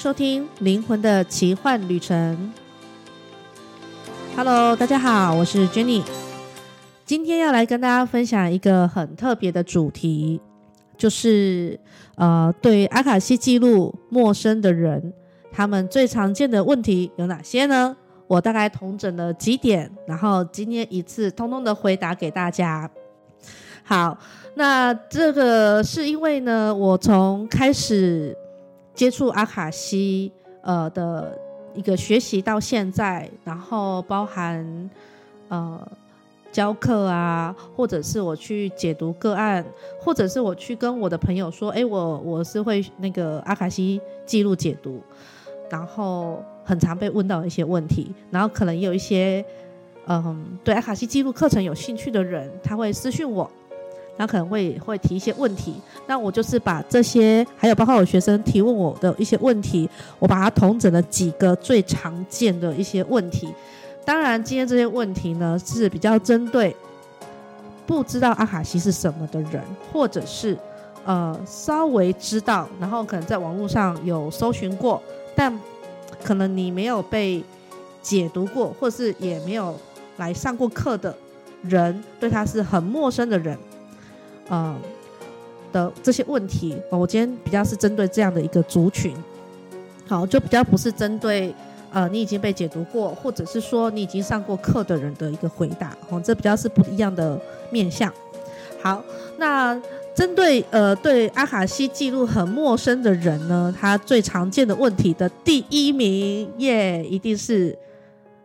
收聽靈魂的奇幻旅程。Hello，大家好，我是 Jannie。今天要來跟大家分享一個很特別的主題，就是呃，對阿卡西記錄陌生的人，他們最常見的問題有哪些呢？我大概統整了幾點，然後今天一次通通的回答給大家。好，那這個是因為呢，我從開始。接觸阿卡西，呃的一個學習到現在，然後包含呃教課啊，或者是我去解讀個案，或者是我去跟我的朋友說，哎，我我是會那個阿卡西記錄解讀，然後很常被問到一些問題，然後可能也有一些嗯對阿卡西記錄課程有興趣的人，他會私訊我。他可能會會提一些問題，那我就是把這些，還有包括我學生提問我的一些問題，我把它統整了幾個最常見的一些問題。當然，今天這些問題呢是比較針對不知道阿卡西是什麼的人，或者是呃稍微知道，然後可能在網絡上有搜尋過，但可能你沒有被解讀過，或是也沒有來上過課的人，對他是很陌生的人。啊、嗯、的這些問題，我今天比較是針對這樣的一個族群，好，就比較不是針對呃你已經被解讀過，或者是說你已經上過課的人的一個回答，哦、嗯，這比較是不一樣的面向。好，那針對呃對阿卡西記錄很陌生的人呢，他最常見的問題的第一名耶、yeah, 一定是，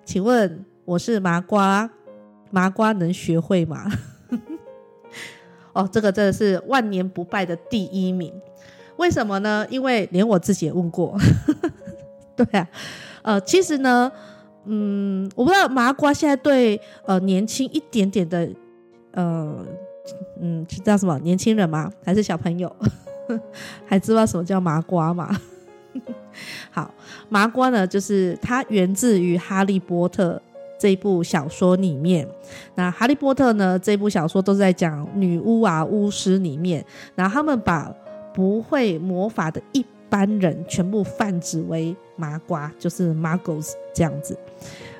請問我是麻瓜，麻瓜能學會嗎？哦，這個真的是萬年不敗的第一名，為什麼呢？因為連我自己也問過。 對啊，呃，其實呢，嗯，我不知道麻瓜現在對呃年輕一點點的呃嗯，知道什麼年輕人嗎？還是小朋友？ 還知道什麼叫麻瓜嗎？ 好，麻瓜呢，就是它源自於《哈利波特》。這部小說裡面，那《哈利波特》呢？這部小說都在講女巫啊、巫師裡面，那他們把不會魔法的一般人全部泛指為麻瓜，就是 Muggles 這樣子。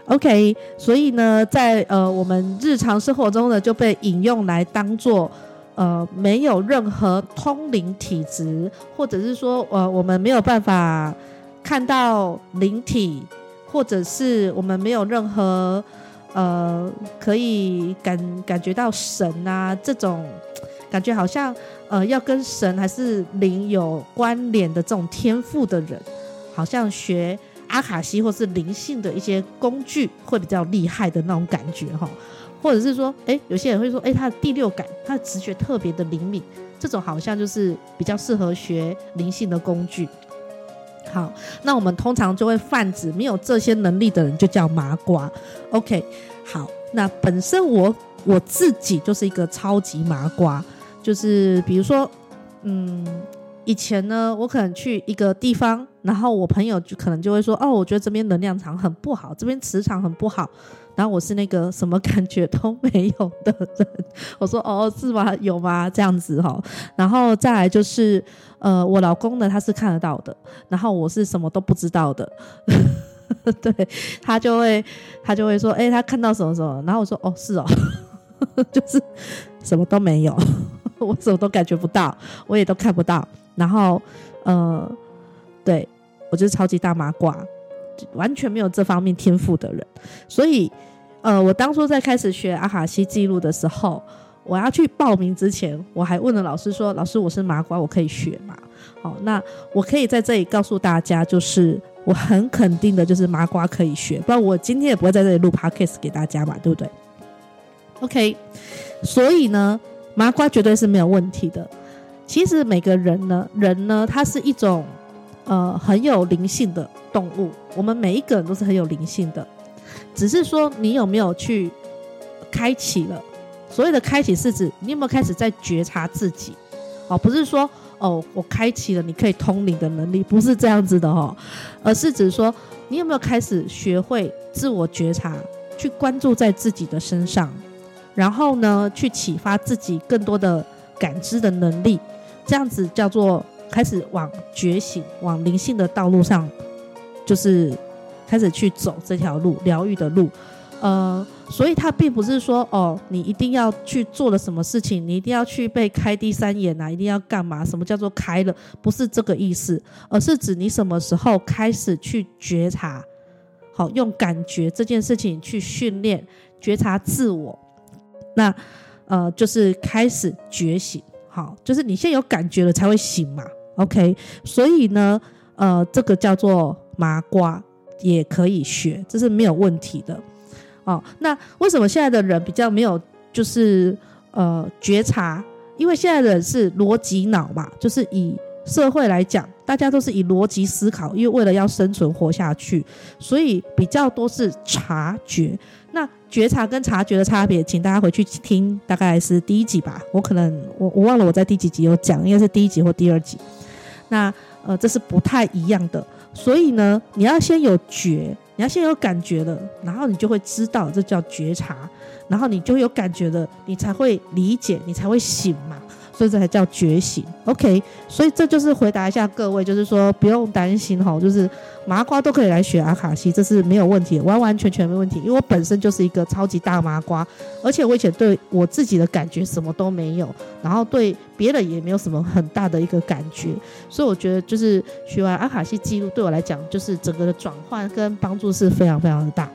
OK，所以呢，在呃我們日常生活中呢，就被引用來當做呃沒有任何通靈體質，或者是說呃我們沒有辦法看到靈體。或者是我們沒有任何呃可以感感覺到神啊這種感覺，好像呃要跟神還是靈有關聯的這種天賦的人，好像學阿卡西或是靈性的一些工具會比較厲害的那種感覺哈，或者是說，哎，有些人會說，哎，他的第六感，他的直覺特別的靈敏，這種好像就是比較適合學靈性的工具。好，那我們通常就會泛指沒有這些能力的人就叫麻瓜。OK，好，那本身我我自己就是一個超級麻瓜，就是比如說，嗯，以前呢，我可能去一個地方。然後我朋友就可能就會說哦，我覺得這邊能量場很不好，這邊磁場很不好。然後我是那個什麼感覺都沒有的人，我說哦是嗎？有嗎？這樣子哈、哦。然後再來就是呃，我老公呢，他是看得到的，然後我是什麼都不知道的。 對，他就會他就會說哎、欸，他看到什麼什麼。然後我說哦是哦， 就是什麼都沒有， 我什麼都感覺不到，我也都看不到。然後嗯、呃、對。我就是超級大麻瓜，完全沒有這方面天賦的人，所以，呃，我當初在開始學阿卡西記錄的時候，我要去報名之前，我還問了老師說：“老師，我是麻瓜，我可以學嗎？”好，那我可以在這裡告訴大家，就是我很肯定的，就是麻瓜可以學。不然我今天也不會在這裡錄 podcast 給大家嘛，對不對？OK，所以呢，麻瓜絕對是沒有問題的。其實每個人呢，人呢，他是一種。呃，很有靈性的動物。我們每一個人都是很有靈性的，只是說你有沒有去開啟了？所謂的開啟是指你有沒有開始在覺察自己？哦，不是說哦，我開啟了你可以通靈的能力，不是這樣子的哦，而是指說你有沒有開始學會自我覺察，去關注在自己的身上，然後呢，去啟發自己更多的感知的能力，這樣子叫做，開始往覺醒、往靈性的道路上，就是開始去走這條路、療癒的路。呃，所以它並不是說哦，你一定要去做了什麼事情，你一定要去被開第三眼啊，一定要幹嘛？什麼叫做開了？不是這個意思，而是指你什麼時候開始去覺察，好，用感覺這件事情去訓練覺察自我。那呃，就是開始覺醒，好，就是你現在有感覺了才會醒嘛。OK，所以呢，呃，這個叫做麻瓜也可以學，這是沒有問題的。哦，那為什麼現在的人比較沒有就是呃覺察？因為現在的人是邏輯腦嘛，就是以社會來講，大家都是以邏輯思考，因為為了要生存活下去，所以比較多是察覺。那覺察跟察覺的差別，請大家回去聽，大概是第一集吧。我可能我我忘了我在第幾集有講，應該是第一集或第二集。那呃，這是不太一樣的，所以呢，你要先有覺，你要先有感覺了，然後你就會知道，這叫覺察，然後你就有感覺了，你才會理解，你才會醒嘛。所以這才叫覺醒，OK？所以這就是回答一下各位，就是說不用擔心哈，就是麻瓜都可以來學阿卡西，這是沒有問題，完完全全沒問題。因為我本身就是一個超級大麻瓜，而且我以前對我自己的感覺什麼都沒有，然後對別人也沒有什麼很大的一個感覺，所以我覺得就是學完阿卡西記錄對我來講，就是整個的轉換跟幫助是非常非常的大。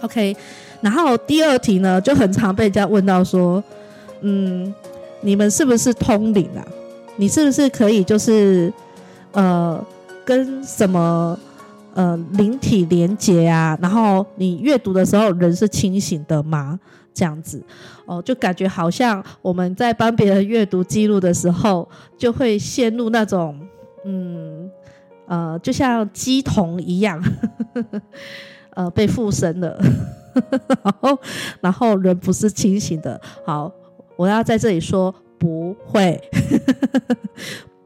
OK，然後第二題呢就很常被人家問到說，嗯。你們是不是通靈啊？你是不是可以就是呃跟什麼呃靈體連接啊？然後你閱讀的時候人是清醒的嗎？這樣子哦，就感覺好像我們在幫別人閱讀記錄的時候，就會陷入那種嗯呃，就像乩童一樣，呵呵呃被附身了，呵呵然後然後人不是清醒的，好。我要在這裡說，不會呵呵，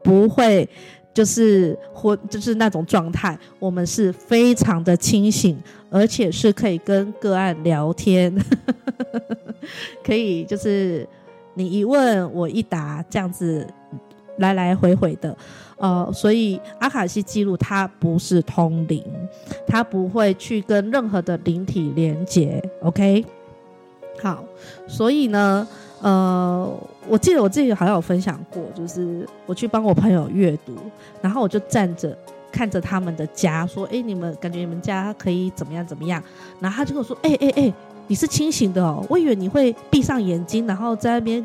不會，就是或就是那種狀態。我們是非常的清醒，而且是可以跟個案聊天，呵呵，可以就是你一問我一答這樣子來來回回的。呃，所以阿卡西記錄它不是通靈，它不會去跟任何的靈體連接。OK，好，所以呢呃，我記得我自己好像有分享過，就是我去幫我朋友閱讀，然後我就站着看着他們的家，說：“哎、欸，你們感覺你們家可以怎麼樣怎麼樣？”然後他就跟我說：“哎哎哎，你是清醒的哦，我以為你會閉上眼睛，然後在那邊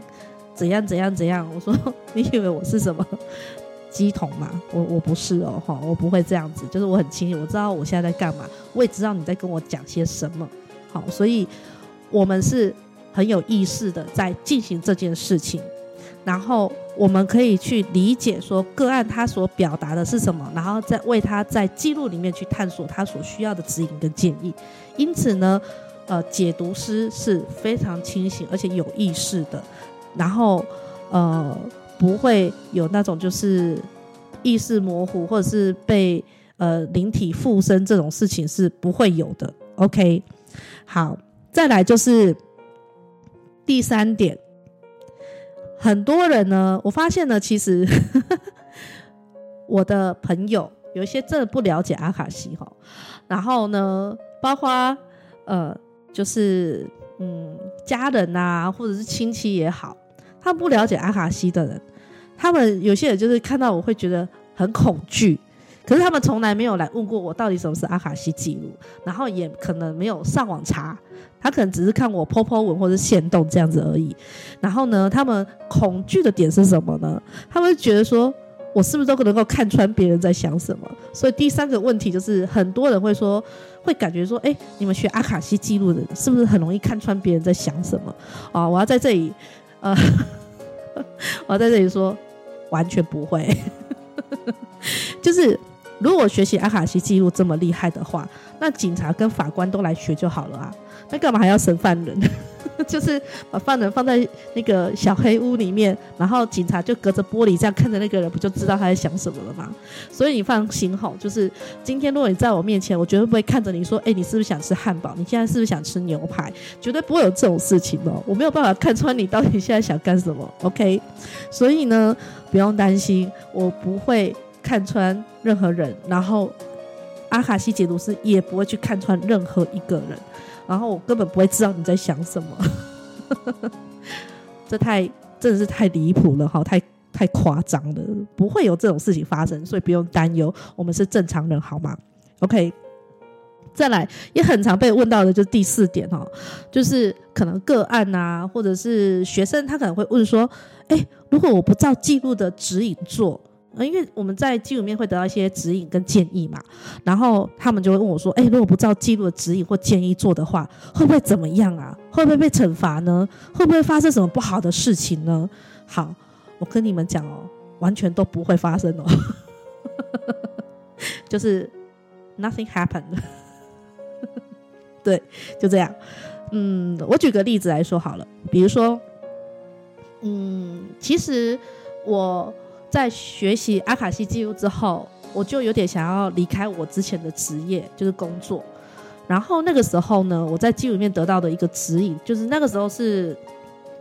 怎樣怎樣怎樣。”我說：“你以為我是什麼乩童嗎？我我不是哦，齁，我不會這樣子，就是我很清醒，我知道我現在在幹嘛，我也知道你在跟我講些什麼。好，所以我們是。”很有意識的在進行這件事情，然後我們可以去理解說個案他所表達的是什麼，然後再為他在記錄裡面去探索他所需要的指引跟建議。因此呢，呃，解讀師是非常清醒而且有意識的，然後呃，不會有那種就是意識模糊或者是被呃，靈體附身這種事情是不會有的。OK，好，再來就是。第三點，很多人呢，我發現呢，其實呵呵我的朋友有一些真的不了解阿卡西齁，然後呢，包括呃，就是嗯，家人啊，或者是親戚也好，他們不了解阿卡西的人，他們有些人就是看到我會覺得很恐懼。可是他們從來沒有來問過我到底什麼是阿卡西記錄，然後也可能沒有上網查，他可能只是看我 PO PO 文或者限動，這樣子而已。然後呢，他們恐懼的點是什麼呢？他們覺得說我是不是都能夠看穿別人在想什麼？所以第三個問題就是，很多人會說，會感覺說，哎，你們學阿卡西記錄的人，是不是很容易看穿別人在想什麼？啊、哦，我要在這裡，呃，我要在這裡說，完全不會， 就是。如果學習阿卡西記錄這麼厲害的話，那警察跟法官都來學就好了啊！那幹嘛還要審犯人呢？ 就是把犯人放在那個小黑屋裡面，然後警察就隔着玻璃這樣看着那個人，不就知道他在想什麼了嗎？所以你放心吼，就是今天如果你在我面前，我絕對不會看着你說：“欸，你是不是想吃漢堡？你現在是不是想吃牛排？”絕對不會有這種事情哦！我沒有辦法看穿你到底現在想幹什麼。OK，所以呢，不用擔心，我不會。看穿任何人，然後阿卡西解讀師也不會去看穿任何一個人，然後我根本不會知道你在想什麼。 這太真的是太離譜了哈，太太誇張了，不會有這種事情發生，所以不用擔憂。我們是正常人好嗎？OK，再來也很常被問到的，就是第四點哈，就是可能個案啊，或者是學生他可能會問說：“哎，如果我不照記錄的指引做？”因為我們在記錄裡面會得到一些指引跟建議嘛，然後他們就會問我說：“哎，如果不照記錄的指引或建議做的話，會不會怎麼樣啊？會不會被懲罰呢？會不會發生什麼不好的事情呢？”好，我跟你們講哦，完全都不會發生哦， 就是 nothing happened。 對，就這樣。嗯，我舉個例子來說好了，比如說，嗯，其實我。在學習阿卡西記錄之後，我就有點想要離開我之前的職業，就是工作。然後那個時候呢，我在記錄裡面得到的一個指引，就是那個時候是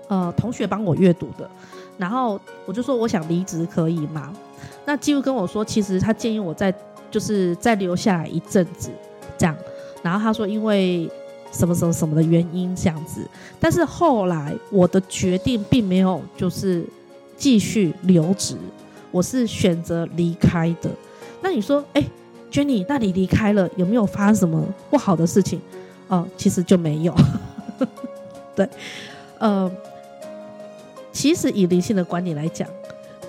呃同學幫我閱讀的。然後我就說，我想離職可以嗎？那記錄跟我說，其實他建議我再就是再留下來一陣子這樣。然後他說因為什麼什麼什麼的原因這樣子。但是後來我的決定並沒有就是。繼續留職，我是選擇離開的。那你說，哎，Jenny，那你離開了，有沒有發生什麼不好的事情？哦、呃，其實就沒有。 對，呃，其實以靈性的管理來講，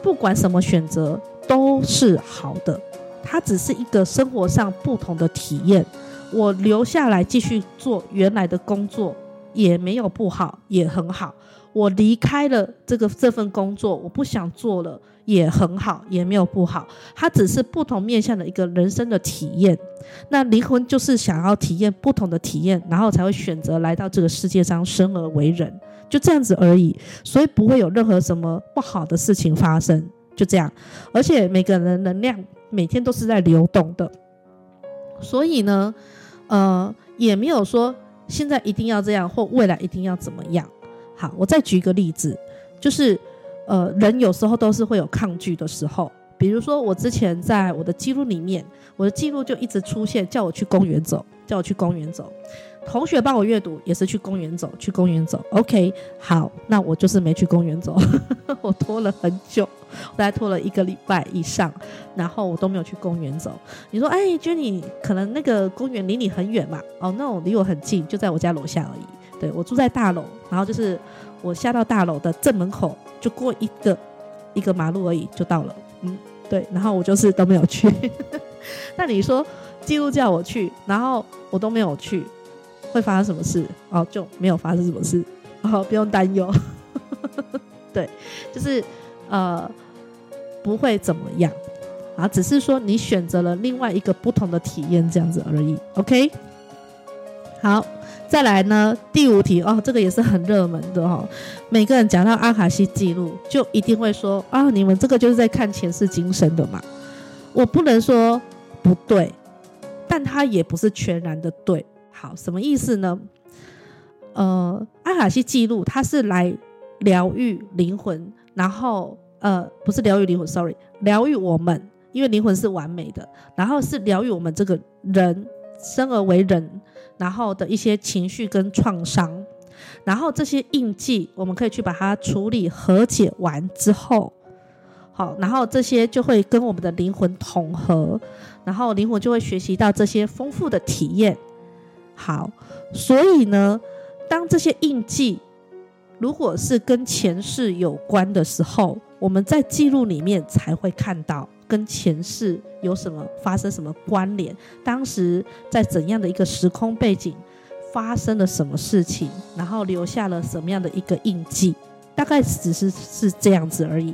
不管什麼選擇都是好的，它只是一個生活上不同的體驗。我留下來繼續做原來的工作，也沒有不好，也很好。我離開了這個這份工作，我不想做了，也很好，也沒有不好。它只是不同面向的一個人生的體驗。那靈魂就是想要體驗不同的體驗，然後才會選擇來到這個世界上生而為人，就這樣子而已。所以不會有任何什麼不好的事情發生，就這樣。而且每個人的能量每天都是在流動的，所以呢，呃，也沒有說現在一定要這樣，或未來一定要怎麼樣。好，我再舉一個例子，就是，呃，人有時候都是會有抗拒的時候。比如說，我之前在我的記錄裡面，我的記錄就一直出現叫我去公園走，叫我去公園走。同學幫我閱讀也是去公園走，去公園走。OK，好，那我就是沒去公園走， 我拖了很久，我大概拖了一個禮拜以上，然後我都沒有去公園走。你說，哎，Jannie，可能那個公園離你很遠嘛？哦，oh, no，離我很近，就在我家樓下而已。對，我住在大樓，然後就是我下到大樓的正門口，就過一個一個馬路而已就到了。嗯，對，然後我就是都沒有去。那 你說紀錄叫我去，然後我都沒有去，會發生什麼事？哦，就沒有發生什麼事，哦，不用擔憂。 對，就是呃，不會怎麼樣啊，只是說你選擇了另外一個不同的體驗這樣子而已。OK。好，再來呢？第五題哦，這個也是很熱門的哈、哦。每個人講到阿卡西記錄，就一定會說啊、哦，你們這個就是在看前世今生的嘛。我不能說不對，但它也不是全然的對。好，什麼意思呢？呃，阿卡西記錄它是來療癒靈魂，然後呃，不是療癒靈魂，sorry，療癒我們，因為靈魂是完美的，然後是療癒我們這個人，生而為人。然後的一些情緒跟創傷，然後這些印記，我們可以去把它處理和解完之後，好，然後這些就會跟我們的靈魂統合，然後靈魂就會學習到這些豐富的體驗。好，所以呢，當這些印記如果是跟前世有關的時候，我們在記錄裡面才會看到。跟前世有什麼發生什麼關聯？當時在怎樣的一個時空背景發生了什麼事情？然後留下了什麼樣的一個印記？大概只是是這樣子而已。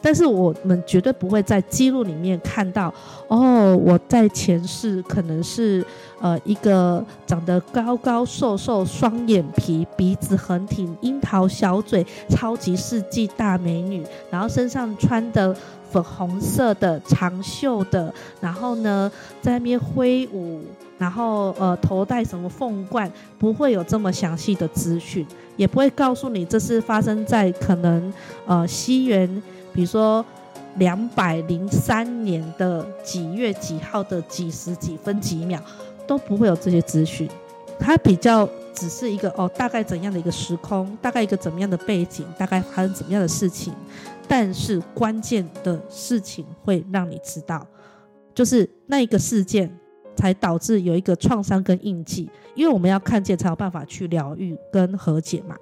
但是我們絕對不會在記錄裡面看到哦，我在前世可能是呃一個長得高高瘦瘦、雙眼皮、鼻子很挺、櫻桃小嘴、超級世紀大美女，然後身上穿的。粉紅色的長袖的，然後呢，在那邊揮舞，然後呃，頭戴什麼鳳冠，不會有這麼詳細的資訊，也不會告訴你這是發生在可能呃西元，比如說兩百零三年的幾月幾號的幾時幾分幾秒，都不會有這些資訊。它比較只是一個哦，大概怎樣的一個時空，大概一個怎麼樣的背景，大概發生怎麼樣的事情。但是關鍵的事情會讓你知道，就是那一個事件才導致有一個創傷跟印記，因為我們要看見才有辦法去療癒跟和解嘛。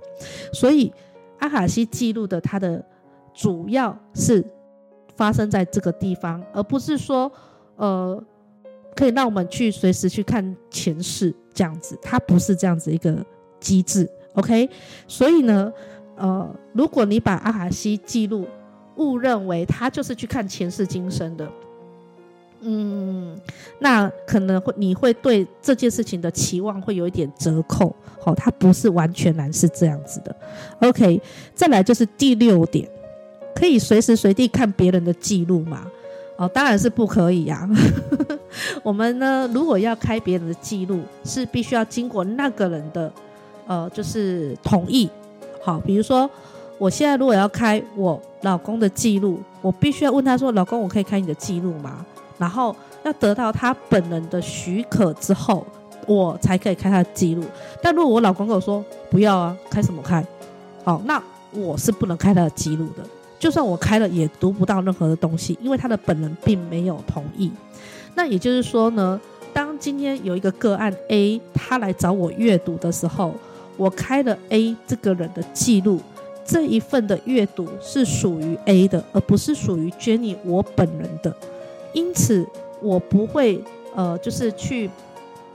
所以阿卡西記錄的，它的主要是發生在這個地方，而不是說呃可以讓我們去隨時去看前世這樣子，它不是這樣子一個機制。OK，所以呢。呃，如果你把阿卡西記錄誤認為他就是去看前世今生的，嗯，那可能會你會對這件事情的期望會有一點折扣，好，哦，它不是完全然是這樣子的。OK，再來就是第六點，可以隨時隨地看別人的記錄嗎？哦，當然是不可以啊。 我們呢，如果要開別人的記錄，是必須要經過那個人的，呃，就是同意。好，比如說，我現在如果要開我老公的記錄，我必須要問他說：“老公，我可以開你的記錄嗎？”然後要得到他本人的許可之後，我才可以開他的記錄。但如果我老公跟我說“不要啊，開什麼開”，好，那我是不能開他的記錄的。就算我開了，也讀不到任何的東西，因爲他的本人並沒有同意。那也就是說呢，當今天有一個個案 A 他來找我閱讀的時候。我開了 A 這個人的記錄，這一份的閱讀是屬於 A 的，而不是屬於 Jannie 我本人的。因此，我不會呃，就是去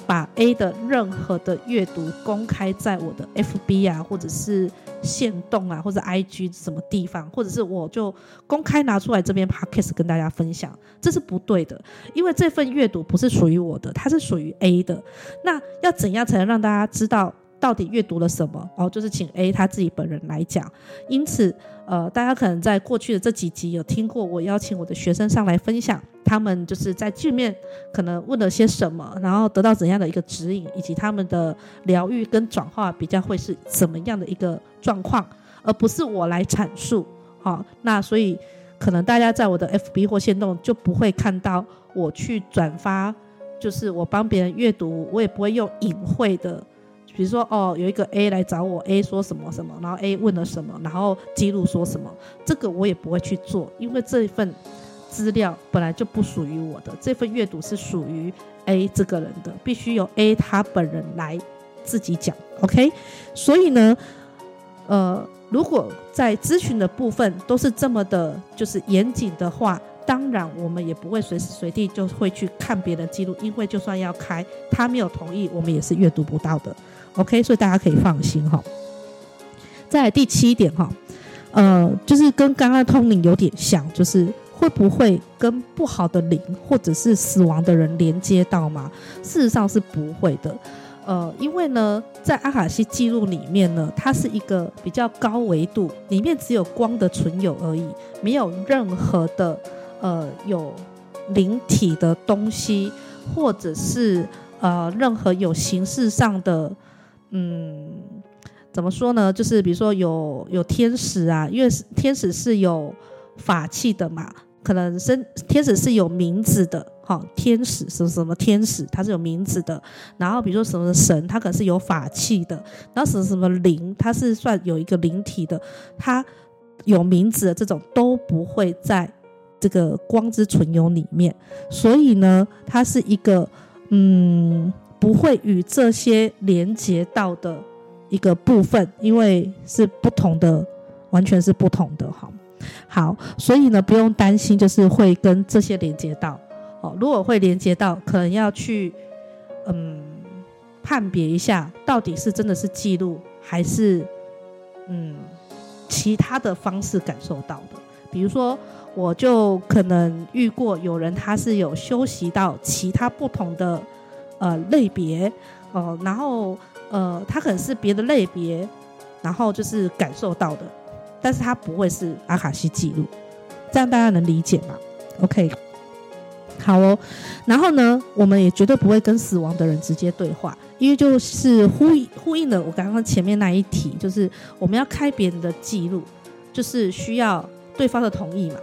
把 A 的任何的閱讀公開在我的 FB 啊，或者是限動啊，或者 IG 什麼地方，或者是我就公開拿出來這邊 Podcast 跟大家分享，這是不對的。因為這份閱讀不是屬於我的，它是屬於 A 的。那要怎樣才能讓大家知道？到底閱讀了什麼？哦，就是請 A 他自己本人來講。因此，呃，大家可能在過去的這幾集有聽過我邀請我的學生上來分享，他們就是在見面可能問了些什麼，然後得到怎樣的一個指引，以及他們的療癒跟轉化比較會是怎麼樣的一個狀況，而不是我來闡述。好、哦，那所以可能大家在我的 FB 或限動就不會看到我去轉發，就是我幫別人閱讀，我也不會用隱晦的。比如說，哦，有一個 A 來找我，A 說什麼什麼，然後 A 問了什麼，然後記錄說什麼，這個我也不會去做，因為這份資料本來就不屬於我的，這份閱讀是屬於 A 這個人的，必須由 A 他本人來自己講，OK。所以呢，呃，如果在諮詢的部分都是這麼的，就是嚴謹的話，當然我們也不會隨時隨地就會去看別人記錄，因為就算要開，他沒有同意，我們也是閱讀不到的。OK，所以大家可以放心哈。再來第七點哈，呃，就是跟剛剛通靈有點像，就是會不會跟不好的靈或者是死亡的人連接到嗎？事實上是不會的，呃，因為呢，在阿卡西記錄裡面呢，它是一個比較高維度，裡面只有光的存有而已，沒有任何的呃有靈體的東西，或者是呃任何有形式上的。嗯，怎麼說呢？就是比如說有有天使啊，因為天使是有法器的嘛，可能身天使是有名字的，哈，天使什麼什麼天使，它是有名字的。然後比如說什麼神，它可能是有法器的。然後什麼什麼靈，它是算有一個靈體的，它有名字的這種都不會在這個光之存有裡面。所以呢，它是一個嗯。不會與這些連接到的一個部分，因為是不同的，完全是不同的哈。好，好，所以呢，不用擔心，就是會跟這些連接到。哦，如果會連接到，可能要去嗯判別一下，到底是真的是記錄，還是嗯其他的方式感受到的。比如說，我就可能遇過有人他是有修習到其他不同的。呃，類別呃，然後呃，它可能是別的類別，然後就是感受到的，但是它不會是阿卡西記錄，這樣大家能理解嗎？OK，好哦。然後呢，我們也絕對不會跟死亡的人直接對話，因為就是呼應呼應了我剛剛前面那一題，就是我們要開別人的記錄，就是需要對方的同意嘛。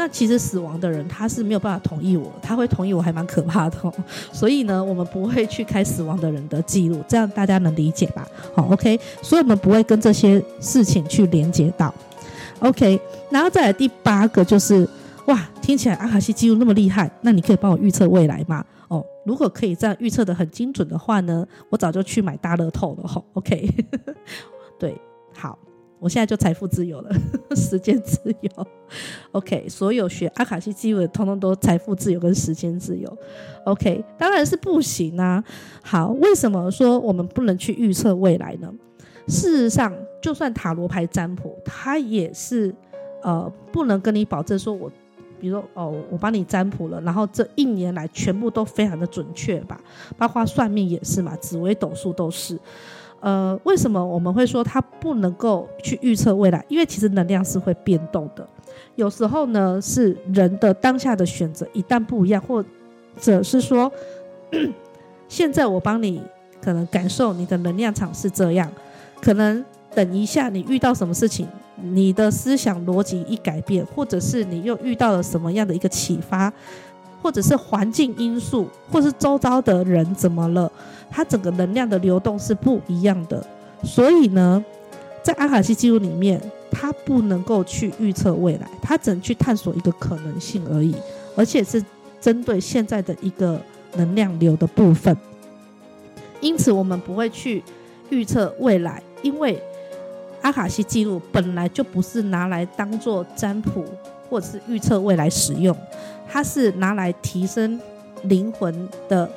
那其實死亡的人他是沒有辦法同意我，他會同意我還蠻可怕的哦，所以呢，我們不會去開死亡的人的記錄，這樣大家能理解吧？好、哦，OK，所以我們不會跟這些事情去連接到，OK，然後再來第八個就是，哇，聽起來阿卡西記錄那麼厲害，那你可以幫我預測未來嗎？哦，如果可以這樣預測得很精準的話呢，我早就去買大樂透了哈、哦，OK， 對，好。我現在就財富自由了，時間自由。OK，所有學阿卡西記錄的，通通都財富自由跟時間自由。OK，當然是不行啊。好，為什麼說我們不能去預測未來呢？事實上，就算塔羅牌占卜，它也是呃，不能跟你保證說，我，比如說哦，我幫你占卜了，然後這一年來全部都非常的準確吧？包括算命也是嘛，紫微斗數都是。呃，為什麼我們會說它不能夠去預測未來？因為其實能量是會變動的，有時候呢，是人的當下的選擇一旦不一樣，或者是說，現在我幫你可能感受你的能量場是這樣，可能等一下你遇到什麼事情，你的思想邏輯一改變，或者是你又遇到了什麼樣的一個啟發，或者是環境因素，或是周遭的人怎麼了？它整個能量的流動是不一樣的，所以呢，在阿卡西記錄裡面，它不能夠去預測未來，它只能去探索一個可能性而已，而且是針對現在的一個能量流的部分。因此，我們不會去預測未來，因為阿卡西記錄本來就不是拿來當做占卜或者是預測未來使用，它是拿來提升靈魂的。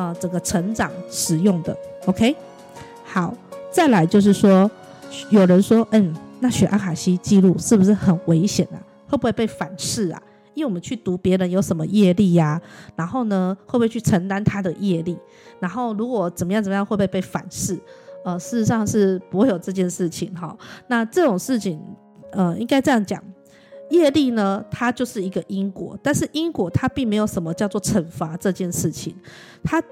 啊、呃，整個成長使用的，OK，好，再來就是說，有人說，嗯，那學阿卡西記錄是不是很危險啊？會不會被反噬啊？因為我們去讀別人有什麼業力呀、啊，然後呢，會不會去承擔他的業力？然後如果怎麼樣怎麼樣，會不會被反噬？呃，事實上是不會有這件事情哈。那這種事情，呃，應該這樣講。業力呢，它就是一個因果，但是因果它並沒有什麼叫做懲罰這件事情，它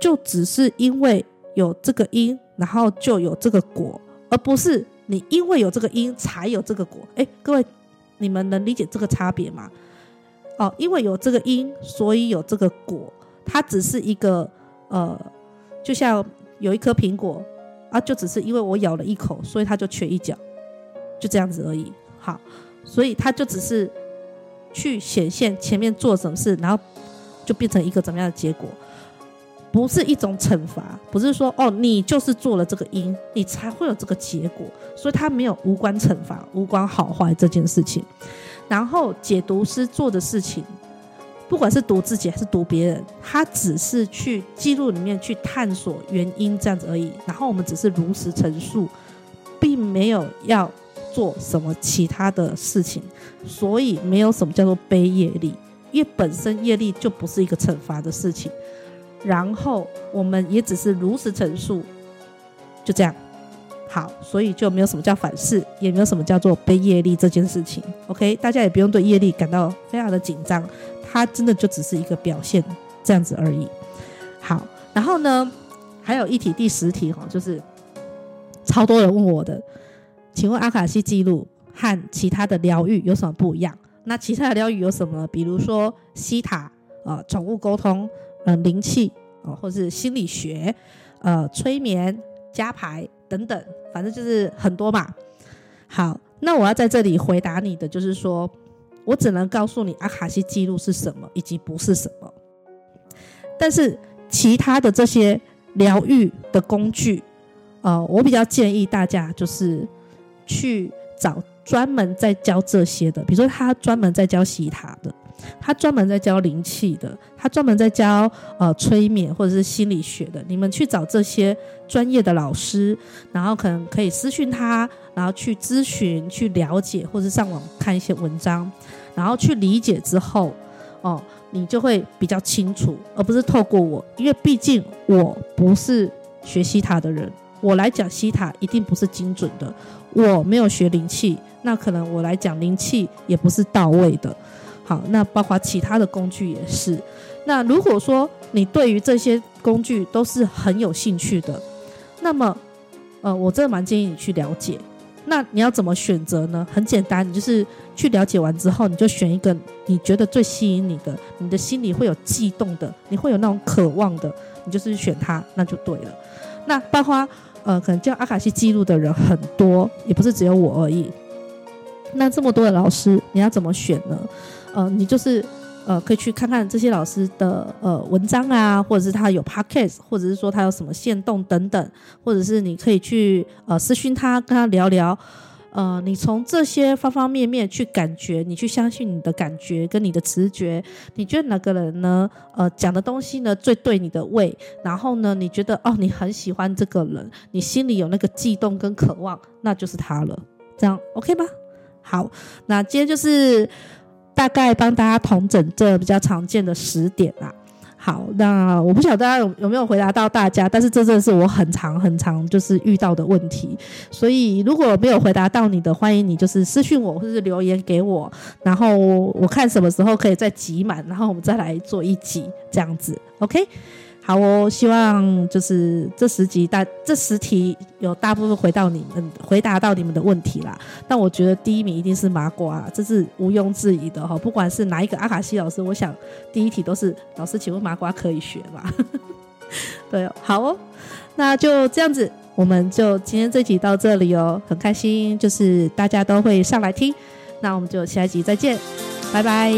就只是因為有這個因，然後就有這個果，而不是你因為有這個因才有這個果。誒，各位，你們能理解這個差別嗎？哦，因為有這個因，所以有這個果，它只是一個呃，就像有一顆蘋果啊，就只是因為我咬了一口，所以它就缺一角，就這樣子而已。好。所以他就只是去顯現前面做什麼事，然後就變成一個怎麼樣的結果，不是一種懲罰，不是說哦，你就是做了這個因，你才會有這個結果，所以他沒有無關懲罰、無關好壞這件事情。然後解讀師做的事情，不管是讀自己還是讀別人，他只是去記錄裡面去探索原因這樣子而已。然後我們只是如實陳述，並沒有要。做什麼其他的事情，所以沒有什麼叫做背業力，因為本身業力就不是一個懲罰的事情。然後我們也只是如實陳述，就這樣。好，所以就沒有什麼叫反噬，也沒有什麼叫做背業力這件事情。OK，大家也不用對業力感到非常的緊張，它真的就只是一個表現這樣子而已。好，然後呢，還有一題第十題哈，就是超多人問我的。請問阿卡西記錄和其他的療癒有什麼不一樣？那其他的療癒有什麼？比如說西塔啊，寵物溝通，呃，靈氣，呃，或者是心理學，呃，催眠、家排等等，反正就是很多嘛。好，那我要在這裡回答你的，就是說我只能告訴你阿卡西記錄是什麼以及不是什麼，但是其他的這些療癒的工具，呃，我比較建議大家就是。去找專門在教這些的，比如說他專門在教西塔的，他專門在教靈氣的，他專門在教呃催眠或者是心理學的。你們去找這些專業的老師，然後可能可以私訊他，然後去諮詢、去了解，或者是上網看一些文章，然後去理解之後，哦，你就會比較清楚，而不是透過我，因為畢竟我不是學西塔的人。我來講西塔一定不是精準的，我沒有學靈氣，那可能我來講靈氣也不是到位的。好，那包括其他的工具也是。那如果說你對於這些工具都是很有興趣的，那麼，呃，我真的蠻建議你去了解。那你要怎麼選擇呢？很簡單，你就是去了解完之後，你就選一個你覺得最吸引你的，你的心裡會有悸動的，你會有那種渴望的，你就是選它，那就對了。那包括。呃，可能教阿卡西記錄的人很多，也不是只有我而已。那這麼多的老師，你要怎麼選呢？呃，你就是呃，可以去看看這些老師的呃文章啊，或者是他有 podcast，或者是說他有什麼限動等等，或者是你可以去呃私訊他，跟他聊聊。呃，你從這些方方面面去感覺，你去相信你的感覺跟你的直覺，你覺得哪個人呢？呃，講的東西呢，最對你的胃。然後呢，你覺得哦，你很喜歡這個人，你心裡有那個悸動跟渴望，那就是他了。這樣 OK 嗎？好，那今天就是大概幫大家統整這比較常見的十點啦、啊。好，那我不曉得大家有有沒有回答到大家，但是這真的是我很常很常就是遇到的問題，所以如果沒有回答到你的，歡迎你就是私訊我或是留言給我，然後我看什麼時候可以再集滿，然後我們再來做一集這樣子，OK。好、哦，我希望就是這十集大這十題有大部分回到你們、回答到你們的問題啦。但我覺得第一名一定是麻瓜，這是毋庸置疑的哈、哦。不管是哪一個阿卡西老師，我想第一題都是老師，請問麻瓜可以學嗎？對、哦，好哦，那就這樣子，我們就今天這集到這裡哦，很開心，就是大家都會上來聽，那我們就下一集再見，拜拜。